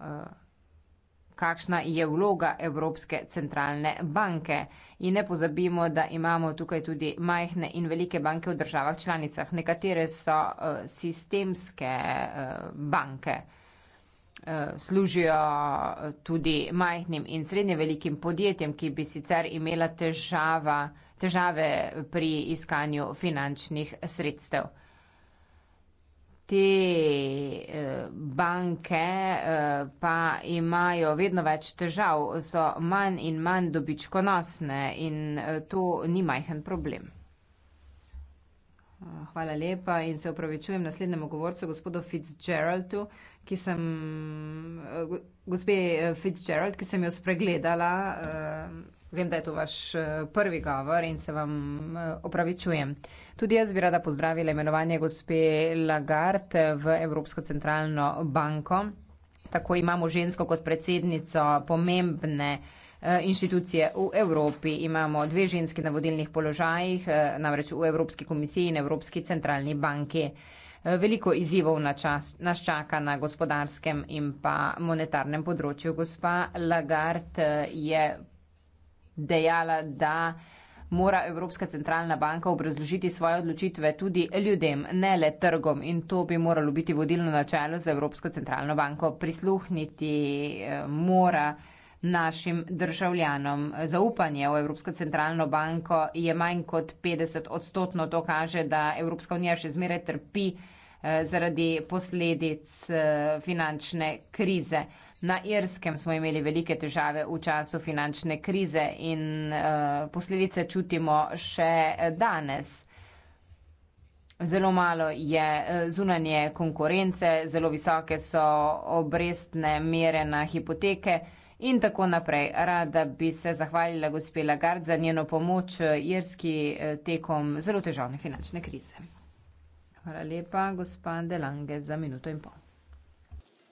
eh, kakšna je vloga Evropske centralne banke in ne pozabimo, da imamo tukaj tudi majhne in velike banke v državah članicah. Nekatere so sistemske banke. Eh, služijo eh, tudi majhnim in srednje velikim podjetjem, ki bi sicer imela težava, težave pri iskanju finančnih sredstev. Te eh, banke pa imajo vedno več težav, so manj in manj dobičkonosne in to ni majhen problem. Eh, hvala lepa in se upravičujem naslednjemu govorcu, gospodu Fitzgeraldu, ki sem, eh, gospe eh, Fitzgerald, ki sem jo spregledala. Vem, da je to vaš prvi govor in se vam opravičujem. Tudi jaz bi rada pozdravila imenovanje gospe Lagarde v Evropsko centralno banko. Tako imamo žensko kot predsednico pomembne. Eh, inštitucije v Evropi. Imamo dve ženski na vodilnih položajih, eh, namreč v Evropski komisiji in Evropski centralni banki. Eh, veliko izzivov na čas, nas čaka na gospodarskem in pa monetarnem področju. Gospa Lagarde je dejala, da mora Evropska centralna banka obrazložiti svoje odločitve tudi ljudem, ne le trgom. In to bi moralo biti vodilno načelo za Evropsko centralno banko. Prisluhniti mora našim državljanom. Zaupanje v Evropsko centralno banko je manj kot 50 odstotno. To kaže, da Evropska unija še zmeraj trpi eh, zaradi posledic eh, finančne krize. Na Irskem smo imeli velike težave v času finančne krize in eh, posledice čutimo še danes. Zelo malo je zunanje konkurence, zelo visoke so obrestne mere na hipoteke in tako naprej. Rada bi se zahvalila gospe Lagarde za njeno pomoč eh, Irski eh, tekom zelo težavne finančne krize. Hvala lepa, gospa Delange, za minuto in pol.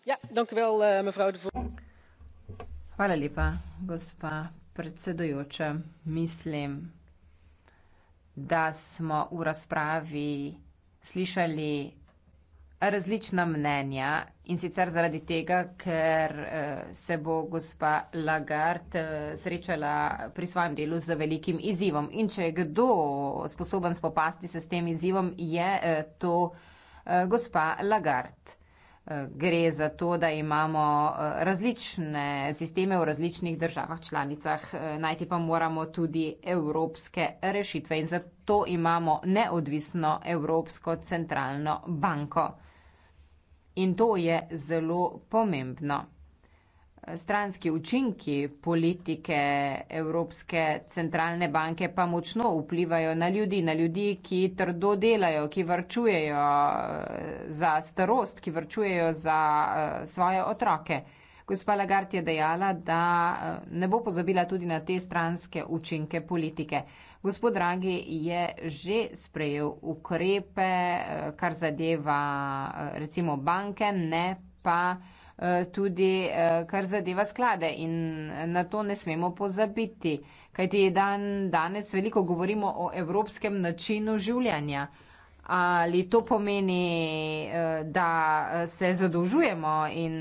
Ja, dankjewel, eh, Hvala lepa, gospa predsedojoča. Mislim, da smo v razpravi slišali različna mnenja in sicer zaradi tega, ker uh, se bo gospa Lagarde eh, srečala pri svojem delu z velikim izzivom. In če je kdo sposoben spopasti se s tem izzivom, je uh, to uh, gospa Lagarde. Gre za to, da imamo različne sisteme v različnih državah članicah, najti pa moramo tudi evropske rešitve in zato imamo neodvisno Evropsko centralno banko in to je zelo pomembno. Stranski učinki politike Evropske centralne banke pa močno vplivajo na ljudi, na ljudi, ki trdo delajo, ki vrčujejo eh, za starost, ki vrčujejo za eh, svoje otroke. Gospa Lagarde je dejala, da eh, ne bo pozabila tudi na te stranske učinke politike. Gospod Dragi je že sprejel ukrepe, eh, kar zadeva eh, recimo banke, ne pa eh, tudi kar zadeva sklade in na to ne smemo pozabiti, kajti dan danes veliko govorimo o evropskem načinu življenja. Ali to pomeni, da se zadolžujemo in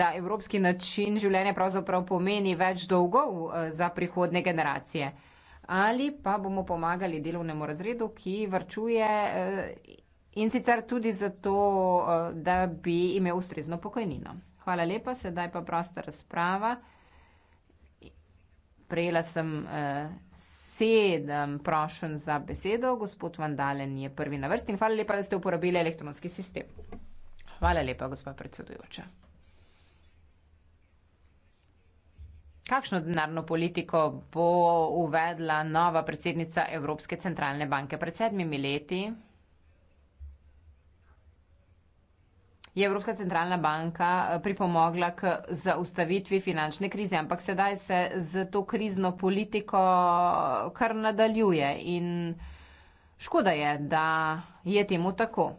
da evropski način življenja pravzaprav pomeni več dolgov za prihodne generacije? ali pa bomo pomagali delovnemu razredu, ki vrčuje eh, in sicer tudi zato, eh, da bi imel ustrezno pokojnino. Hvala lepa, sedaj pa prosta razprava. Prejela sem eh, sedem prošen za besedo, gospod Vandalen je prvi na vrsti in hvala lepa, da ste uporabili elektronski sistem. Hvala lepa, gospod predsedujoča. Kakšno denarno politiko bo uvedla nova predsednica Evropske centralne banke pred sedmimi leti? Je Evropska centralna banka eh, pripomogla k zaustavitvi finančne krize, ampak sedaj se z to krizno politiko eh, kar nadaljuje in škoda je, da je temu tako.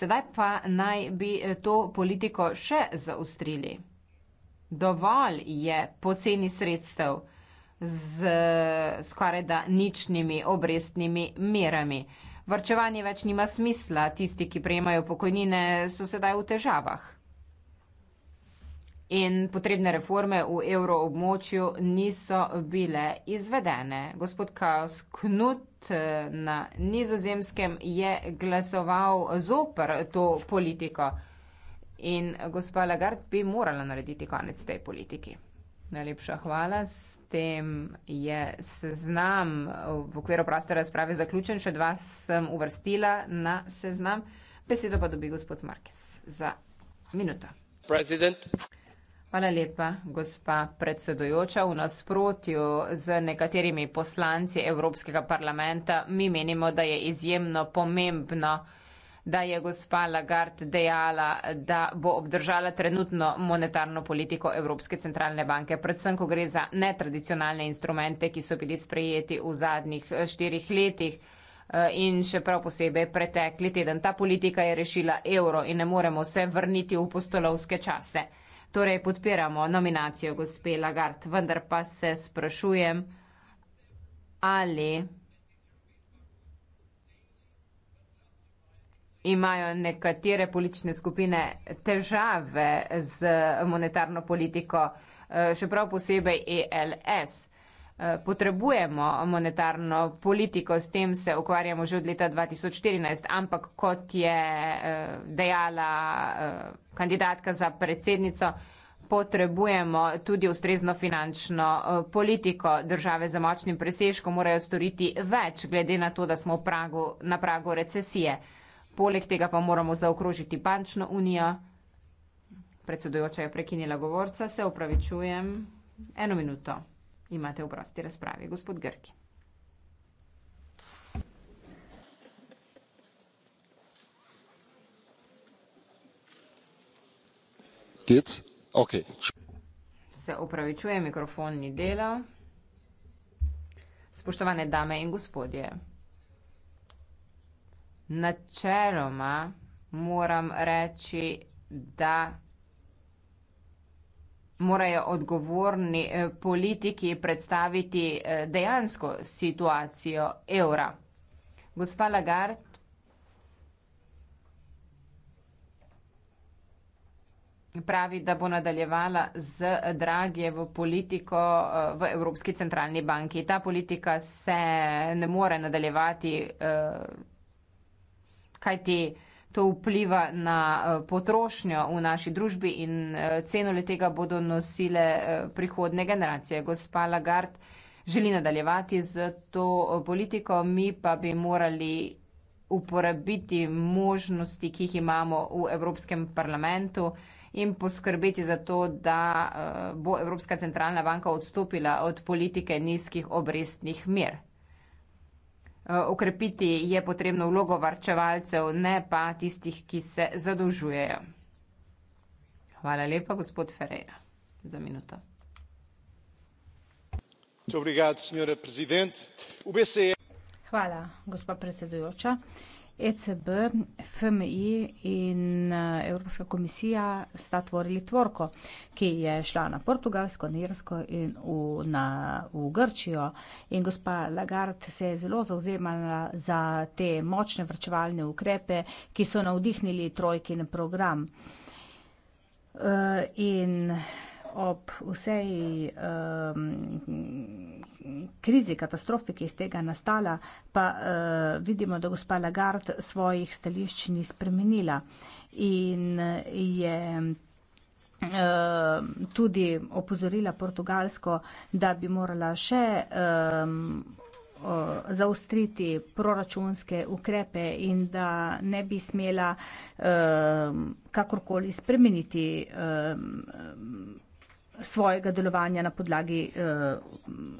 Sedaj pa naj bi eh, to politiko še zaustrili dovolj je poceni sredstev z skoraj da ničnimi obrestnimi merami. Vrčevanje več nima smisla, tisti, ki prejemajo pokojnine, so sedaj v težavah. In potrebne reforme v evroobmočju niso bile izvedene. Gospod Kaos Knut eh, na nizozemskem je glasoval zoper to politiko. In gospa Lagarde bi morala narediti konec tej politiki. Najlepša hvala. S tem je seznam v okviru proste razprave zaključen. Še dva sem uvrstila na seznam. Besedo pa dobi gospod Markes za minuto. President. Hvala lepa, gospa predsedojoča. V nasprotju z nekaterimi poslanci Evropskega parlamenta mi menimo, da je izjemno pomembno, da je gospa Lagarde dejala, da bo obdržala trenutno monetarno politiko Evropske centralne banke, predvsem, ko gre za netradicionalne instrumente, ki so bili sprejeti v zadnjih štirih letih eh, in še prav posebej pretekli teden. Ta politika je rešila evro in ne moremo se vrniti v postolovske čase. Torej podpiramo nominacijo gospe Lagarde, vendar pa se sprašujem, ali. imajo nekatere politične skupine težave z monetarno politiko, eh, še prav posebej ELS. Eh, potrebujemo monetarno politiko, s tem se ukvarjamo že od leta 2014, ampak kot je eh, dejala kandidatka za predsednico, potrebujemo tudi ustrezno finančno politiko. Države za močnim presežkom morajo storiti več, glede na to, da smo pragu, na pragu recesije. Poleg tega pa moramo zaokrožiti bančno unijo. Predsedujoča je prekinila govorca, se upravičujem. Eno minuto imate v prosti razpravi, gospod Grki. Okay. Se upravičujem, mikrofon ni delal. Spoštovane dame in gospodje načeloma moram reči, da morajo odgovorni eh, politiki predstaviti eh, dejansko situacijo evra. Gospa Lagarde, pravi, da bo nadaljevala z Dragjevo politiko eh, v Evropski centralni banki. Ta politika se ne more nadaljevati kajti to vpliva na eh, potrošnjo v naši družbi in eh, ceno le tega bodo nosile eh, prihodne generacije. Gospa Lagarde želi nadaljevati z to politiko, mi pa bi morali uporabiti možnosti, ki jih imamo v Evropskem parlamentu in poskrbeti za to, da bo Evropska centralna banka odstopila od politike nizkih obrestnih mer. Eh, okrepiti je potrebno vlogo varčevalcev, ne pa tistih, ki se zadolžujejo. Hvala lepa, gospod Ferreira, za minuto. E Hvala, gospod predsedujoča. Uh, ECB, FMI in eh, Evropska komisija sta tvorili tvorko, ki je šla na Portugalsko, na Irsko in v, na, v Grčijo. In gospa Lagarde se je zelo zauzemala za te močne vrčevalne ukrepe, ki so navdihnili trojkin program. Uh, in ob vsej um, krizi, katastrofi, ki je iz tega nastala, pa uh, vidimo, da gospa Lagarde svojih stališč ni spremenila in je tudi opozorila Portugalsko, da bi morala še um, zaustriti proračunske ukrepe in da ne bi smela um, kakorkoli spremeniti um, svojega delovanja na podlagi uh,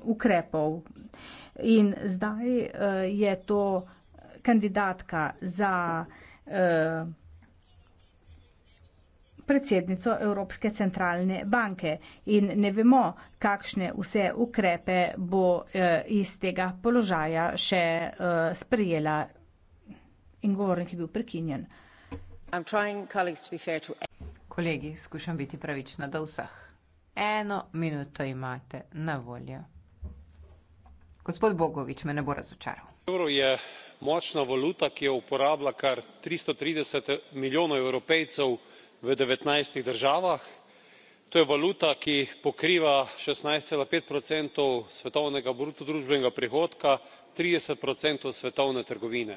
ukrepov. In zdaj uh, je to kandidatka za uh, predsednico Evropske centralne banke in ne vemo, kakšne vse ukrepe bo uh, iz tega položaja še uh, sprejela. In govornik je bil prekinjen. Kolegi, skušam biti pravična do vseh. Eno minuto imate na voljo. Gospod Bogovič me ne bo razočaral. Evro je močna valuta, ki jo uporablja kar 330 milijonov evropejcev v 19 državah. To je valuta, ki pokriva 16,5 svetovnega bruto družbenega prihodka, 30 svetovne trgovine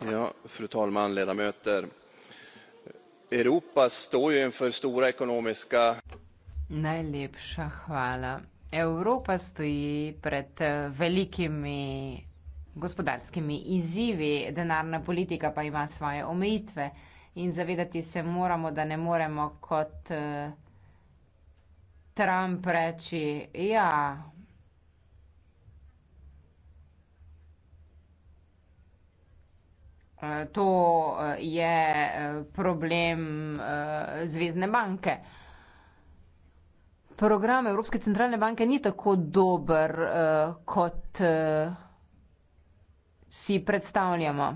Ja, fru talman och ledamöter europa står inför stora ekonomiska. najlepša hvala evropa stoji pred eh, velikimi gospodarskimi izzivi denarna politika pa ima svoje omejitve in zavedati se moramo da ne moremo kot. Eh, Trump reči, ja. To eh, je eh, problem eh, Zvezdne banke. Program Evropske centralne banke ni tako dober, kot si predstavljamo.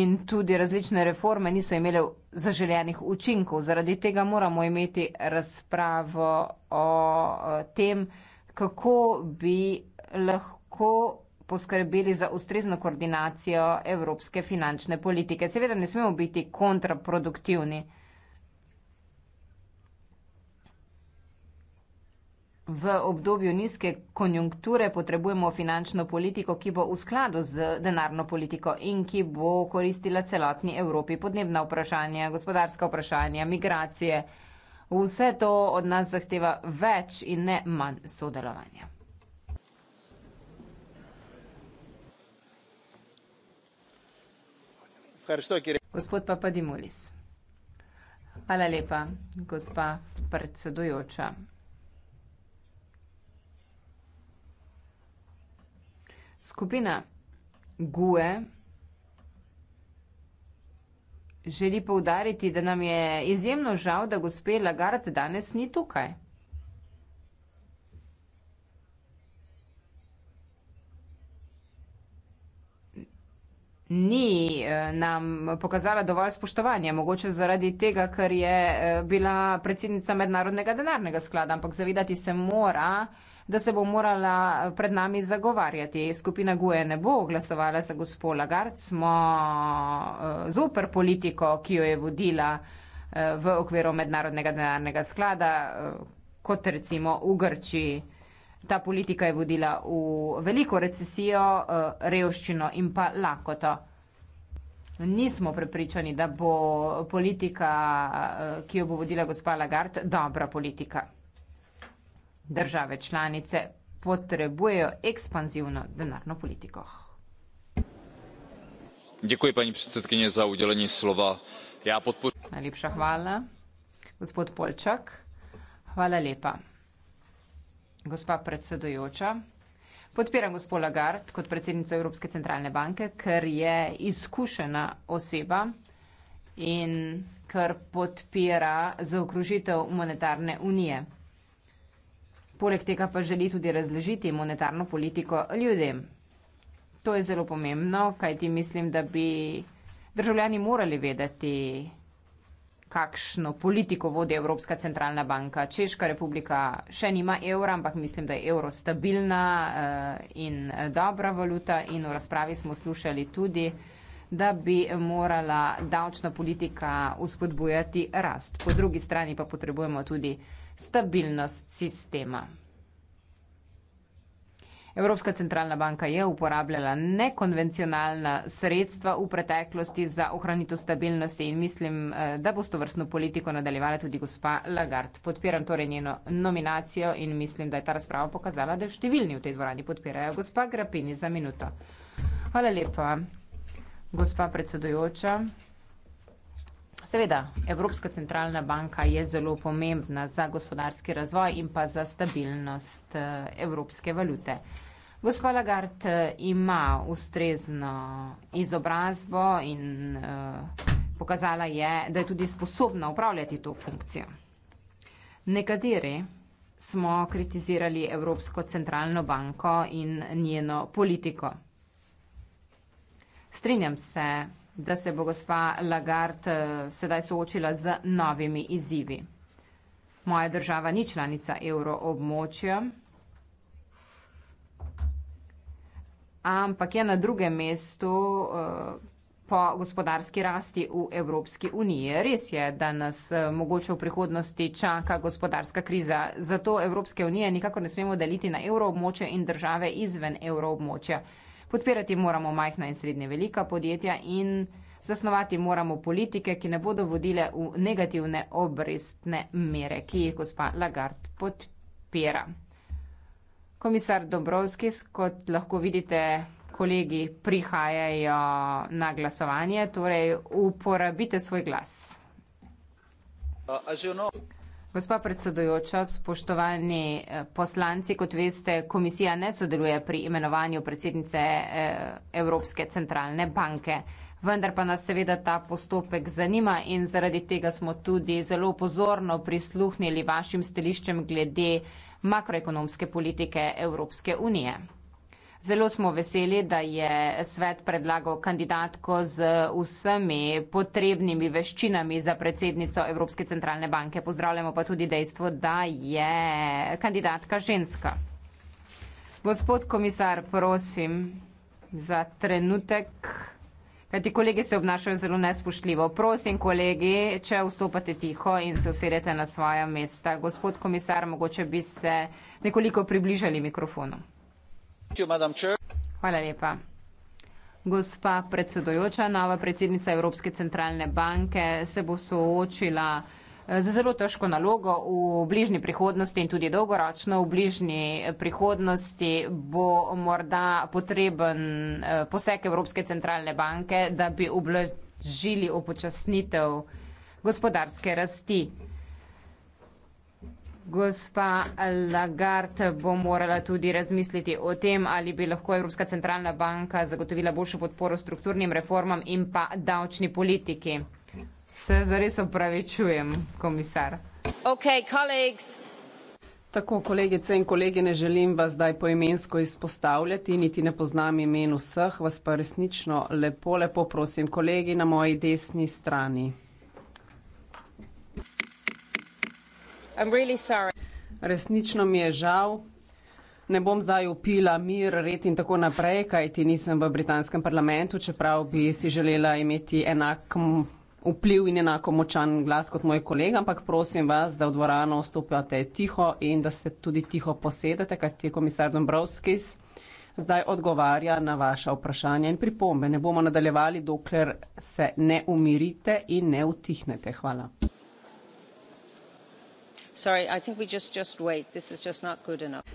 In tudi različne reforme niso imele zaželenih učinkov. Zaradi tega moramo imeti razpravo o tem, kako bi lahko poskrbeli za ustrezno koordinacijo evropske finančne politike. Seveda ne smemo biti kontraproduktivni. v obdobju nizke konjunkture potrebujemo finančno politiko, ki bo v skladu z denarno politiko in ki bo koristila celotni Evropi. Podnebna vprašanja, gospodarska vprašanja, migracije, vse to od nas zahteva več in ne manj sodelovanja. Gospod Papadimulis. Hvala lepa, gospa predsedujoča. Skupina GUE želi poudariti, da nam je izjemno žal, da gospe Lagarde danes ni tukaj. Ni eh, nam pokazala dovolj spoštovanja, mogoče zaradi tega, ker je eh, bila predsednica mednarodnega denarnega sklada, ampak zavedati se mora, da se bo morala eh, pred nami zagovarjati. Skupina Guje ne bo glasovala za gospod Lagarde, smo eh, zoper politiko, ki jo je vodila eh, v okviru mednarodnega denarnega sklada, kot recimo v Grčiji. Ta politika je vodila v veliko recesijo, revščino in pa lakoto. Nismo prepričani, da bo politika, ki jo bo vodila gospa Lagarde, dobra politika države članice potrebujejo ekspanzivno denarno politiko. Děkuji paní předsedkyně za udělení slova. Já podpoř... Najlepša hvala. Gospod Polčak, hvala lepa. Gospa predsedujoča, podpiram gospod Lagarde kot predsednico Evropske centralne banke, ker je izkušena oseba in ker podpira zaokružitev monetarne unije. Poleg tega pa želi tudi razložiti monetarno politiko ljudem. To je zelo pomembno, kaj ti mislim, da bi državljani morali vedeti, kakšno politiko vodi Evropska centralna banka. Češka republika še nima evra, ampak mislim, da je evro stabilna eh, in eh, dobra valuta in v razpravi smo slušali tudi, da bi morala davčna politika uspodbujati rast. Po drugi strani pa potrebujemo tudi stabilnost sistema. Evropska centralna banka je uporabljala nekonvencionalna sredstva v preteklosti za ohranitev stabilnosti in mislim, eh, da bo s to vrstno politiko nadaljevala tudi gospa Lagarde. Podpiram torej njeno nominacijo in mislim, da je ta razprava pokazala, da številni v tej dvorani podpirajo. Gospa Grapini za minuto. Hvala lepa, gospa predsedujoča. Seveda, Evropska centralna banka je zelo pomembna za gospodarski razvoj in pa za stabilnost eh, evropske valute. Gospod Lagard eh, ima ustrezno izobrazbo in uh, pokazala je, da je tudi sposobna upravljati to funkcijo. Nekateri smo kritizirali Evropsko centralno banko in njeno politiko. Strinjam se da se bo gospa Lagarde eh, sedaj soočila z novimi izzivi. Moja država ni članica evroobmočja, ampak je na drugem mestu eh, po gospodarski rasti v Evropski uniji. Res je, da nas eh, mogoče v prihodnosti čaka gospodarska kriza, zato Evropske unije nikako ne smemo deliti na evroobmočje in države izven evroobmočja. Podpirati moramo majhna in srednje velika podjetja in zasnovati moramo politike, ki ne bodo vodile v negativne obrestne mere, ki jih gospa Lagarde podpira. Komisar Dobrovski, kot lahko vidite, kolegi prihajajo na glasovanje, torej uporabite svoj glas. Uh, Gospa predsedujoča, spoštovani eh, poslanci, kot veste, komisija ne sodeluje pri imenovanju predsednice eh, Evropske centralne banke. Vendar pa nas seveda ta postopek zanima in zaradi tega smo tudi zelo pozorno prisluhnili vašim stališčem glede makroekonomske politike Evropske unije. Zelo smo veseli, da je svet predlagal kandidatko z vsemi potrebnimi veščinami za predsednico Evropske centralne banke. Pozdravljamo pa tudi dejstvo, da je kandidatka ženska. Gospod komisar, prosim za trenutek, kajti kolegi se obnašajo zelo nespoštljivo. Prosim, kolegi, če vstopate tiho in se usedete na svoja mesta. Gospod komisar, mogoče bi se nekoliko približali mikrofonu. Hvala lepa. Gospa predsedujoča, nova predsednica Evropske centralne banke se bo soočila eh, z zelo težko nalogo v bližnji prihodnosti in tudi dolgoročno v bližnji eh, prihodnosti bo morda potreben eh, poseg Evropske centralne banke, da bi ublažili upočasnitev gospodarske rasti. Gospa Lagarde bo morala tudi razmisliti o tem, ali bi lahko Evropska centralna banka zagotovila boljšo podporo strukturnim reformam in pa davčni politiki. Se zares opravičujem, komisar. Okay, Tako, kolegice in kolegi, ne želim vas zdaj poimensko izpostavljati, niti ne poznam imen vseh, vas pa resnično lepo, lepo prosim, kolegi na moji desni strani. Resnično mi je žal. Ne bom zdaj upila mir, red in tako naprej, kajti nisem v britanskem parlamentu, čeprav bi si želela imeti enak vpliv in enako močan glas kot moj kolega, ampak prosim vas, da v dvorano vstopate tiho in da se tudi tiho posedete, kajti komisar Dombrovskis zdaj odgovarja na vaša vprašanja in pripombe. Ne bomo nadaljevali, dokler se ne umirite in ne utihnete. Hvala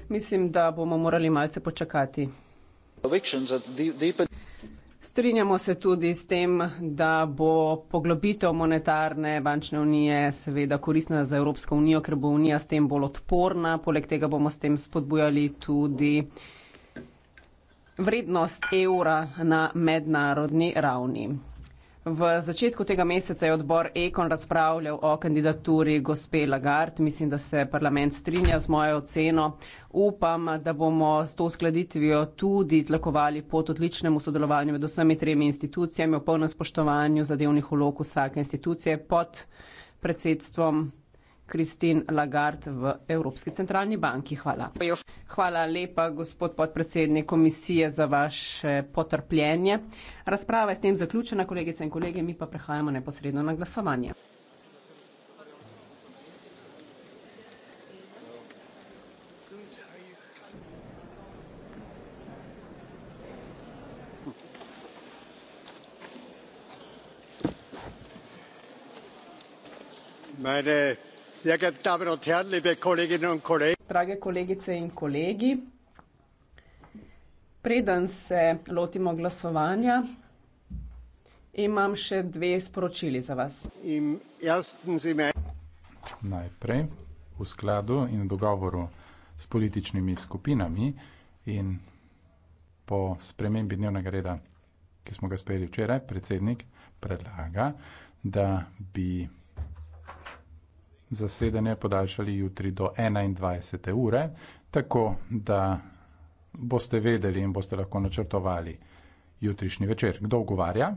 mislim da bomo morali malce počakati strinjamo se tudi s tem da bo poglobitev monetarne bančne unije seveda koristna za evropsko unijo ker bo unija s tem bolj odporna poleg tega bomo s tem spodbujali tudi vrednost evra na mednarodni ravni. V začetku tega meseca je odbor Ekon razpravljal o kandidaturi gospe Lagarde. Mislim, da se parlament strinja z mojo oceno. Upam, da bomo s to skladitvijo tudi tlakovali pot odličnemu sodelovanju med vsemi tremi institucijami, v polnem spoštovanju zadevnih ulog vsake institucije pod predsedstvom Kristin Lagarde v Evropski centralni banki. Hvala. Hvala lepa, gospod podpredsednik komisije, za vaše potrpljenje. Razprava je s tem zaključena, kolegice in kolege, mi pa prehajamo neposredno na glasovanje. Meine sehr geehrte damen und herren liebe kolleginnen und kollegen drage kolegice in kolegi preden se lotimo glasovanja imam še dve sporočili za vas im ersten sie najprej v skladu in dogovoru s političnimi skupinami in po spremembi dnevnega reda ki smo ga sprejeli včeraj predsednik predlaga da bi zasedanje podaljšali jutri do 21. ure, tako da boste vedeli in boste lahko načrtovali jutrišnji večer. Kdo ogovarja?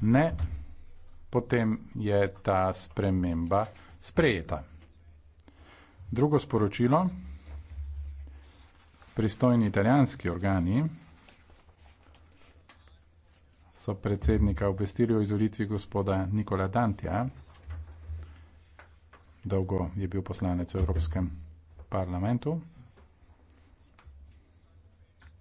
Ne, potem je ta sprememba sprejeta. Drugo sporočilo. Pristojni italijanski organi so predsednika obvestili o izolitvi gospoda Nikola Dantija dolgo je bil poslanec v Evropskem parlamentu.